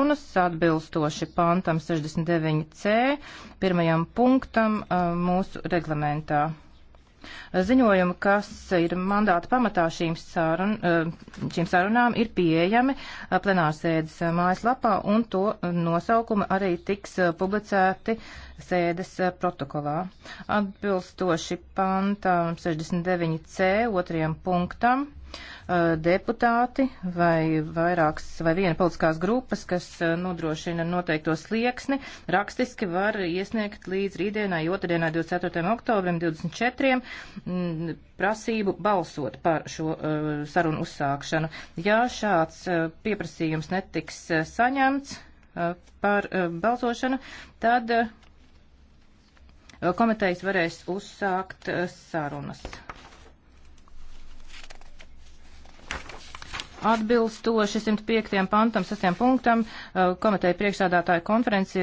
un uz atbilstoši pantam 69c pirmajam punktam mūsu reglamentā. Ziņojumi, kas ir mandāta pamatā šīm, sarun, šīm sarunām, ir pieejami plenārsēdes mājaslapā, un to nosaukumi arī tiks publicēti sēdes protokolā. Atbilstoši pantam 69c otrajam punktam. Uh, deputāti vai vairākas vai viena politiskās grupas, kas uh, nodrošina noteikto slieksni, rakstiski var iesniegt līdz rītdienai, otrdienai, 24. oktobrim, 24. M, mm, prasību balsot par šo uh, sarunu uzsākšanu. Ja šāds uh, pieprasījums netiks uh, saņemts uh, par uh, balsošanu, tad uh, komitejas varēs uzsākt uh, sarunas. Atbilstoši 105. pantam, 6. punktam, uh, komiteja priekšsādātāja konferences ir